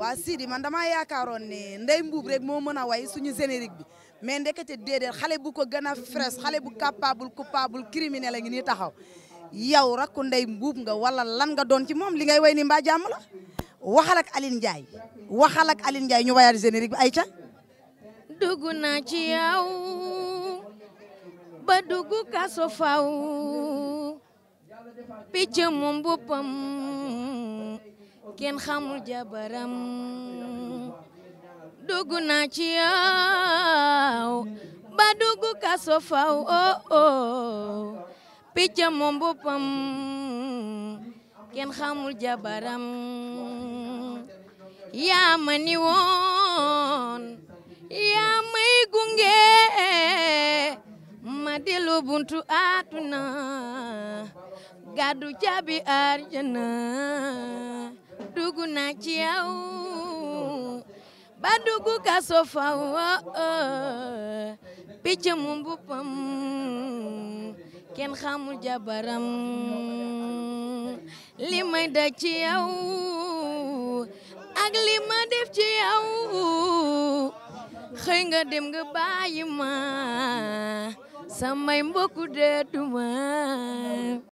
waa Sidi man damaa yaakaaroon ne Ndeye Mbuub rek moo mën a way suñu générique bi mais ndekete déedéet xale bu ko gën fresh xale bu capable coupable criminel a ngi nii taxaw yow rakku Ndeye Mbuub nga wala lan nga doon ci moom li ngay way ni mbaa jàmm la waxal ak Aline Ndiaye waxal ak Aline Ndiaye ñu wayaat générique bi ayca dugg naa ci yow ba dugg kaso faw picc moom boppam kenn xamul jabaram dugg naa ci yow ba dugg kaso faw oo oh, oh. picc moom boppam kenn xamul jabaram yaa ma ni woon yaa may gunge ma dellu buntu àdduna gàddu caabi àjjana naa ci yow ba dugg kaso picc mu mbuppam kenn xamul jabaram li may daj ci yow ak li ma def ci yow xëy nga dem nga bàyyi ma samay mbokku dee duma